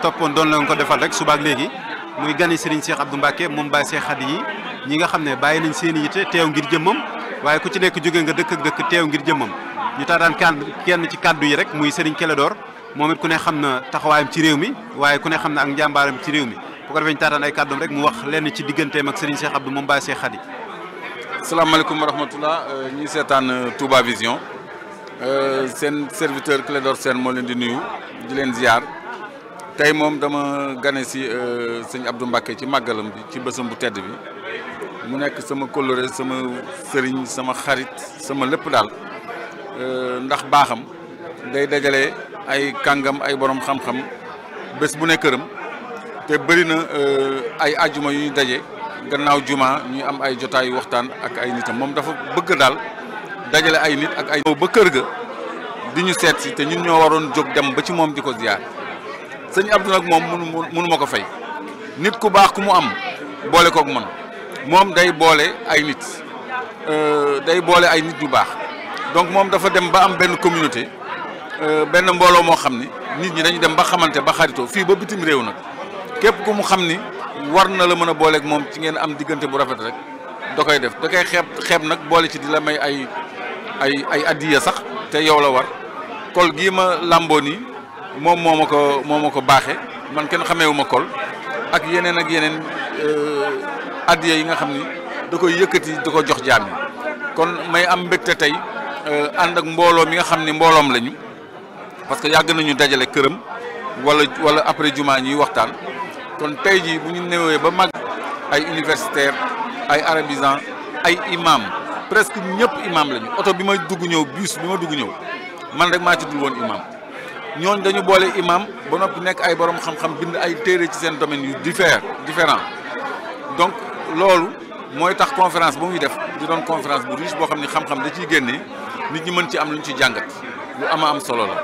toppoon doon leen ko defal rek suba ak léegi muy gani Serigne Cheikh Abdou Mbacke moom Baye Cheikh Khady yi ñi nga xam ne bàyyi nañ seen i yitte teew ngir jëmmam waaye ku ci nekk jóge nga dëkk ak dëkk teew ngir jëmmam ñu taataan kenn ci kàddu yi rek muy Serigne Kélédor moom it ku ne xam na taxawaayam ci réew mi waaye ku ne xam na ak njàmbaaram ci réew mi bu ko defee ñu taataan ay kàddoom rek mu wax lenn ci digganteem ak Serigne Cheikh Abdou moom Baye Cheikh Khady salaamaaleykum wa rahmatullah euh, ñi seetaan euh, Touba Vision euh, seen serviteur Clédor Sène moo leen di nuyu di leen ziar tey moom dama gane si euh, sëñ Abdou Mbacké ci màggalam bi ci bésam bu tedd bi mu nekk sama coloré sama sëriñ sama xarit sama lépp daal euh, ndax baaxam day dajale ay kàngam ay boroom xam-xam bés bu ne këram te bëri na euh, ay ajuma yu ñu daje gannaaw juma ñuy am ay jotaayu waxtaan ak ay nitam moom dafa bëgg daal dajale ay nit ak ay. ba kër ga di ñu seet si te ñun ñoo waroon jóg dem ba ci moom di ko ziar. sëñ Abdou nag moom munu munu ma ko fay nit ku baax ku mu am boole koog man moom day boole ay nit euh, day boole ay nit yu baax donc moom dafa dem ba am benn communauté euh, benn mbooloo moo xam ni nit ñi dañu dem ba xamante ba xaritoo fii ba bitim réew nag képp ku mu xam ni war na la mën a booleek moom ci ngeen am diggante bu rafet rek da koy def da koy xeeb xeeb nag boole ci di la may ay ay ay addiya sax te yow la war kol gii ma làmboo nii moom moo ma ko moo ma ko baaxee man kenn xameewu ma kol ak yeneen ak yeneen euh, addiya yi nga xam ni da koy yëkkati da ko jox jaam yi kon may am mbégte tey euh, ànd ak mbooloo mi nga xam ni mbooloom lañu parce que yàgg nañu dajale këram wala wala après juma ñuy waxtaan kon tey jii bu ñu néewee ba mag ay universitaire ay arabisant ay imam presque ñëpp imam lañu oto bi ma dugg ñëw bus bi ma dugg ñëw man rek maa ci dul woon imam ñooñ dañu boole imam ba noppi nekk ay boroom xam-xam bind ay téere ci seen domaine yu diffère différent donc loolu mooy tax conférence bu muy def di doon conférence bu riche boo xam ne xam-xam da ciy génnee nit ñi mën ci am luñu ci jàngat lu ama am solo la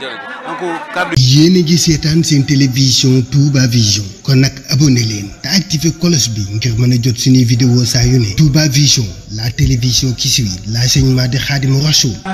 jërëjëf. yéen a ngi seetaan seen télévision Touba Vision kon nag abonné leen te activé cloche bi ngir mën a jot suñuy vidéo saa yu ne Touba Vision la télévision qui suit l'enseignement de Khadimou Rassoul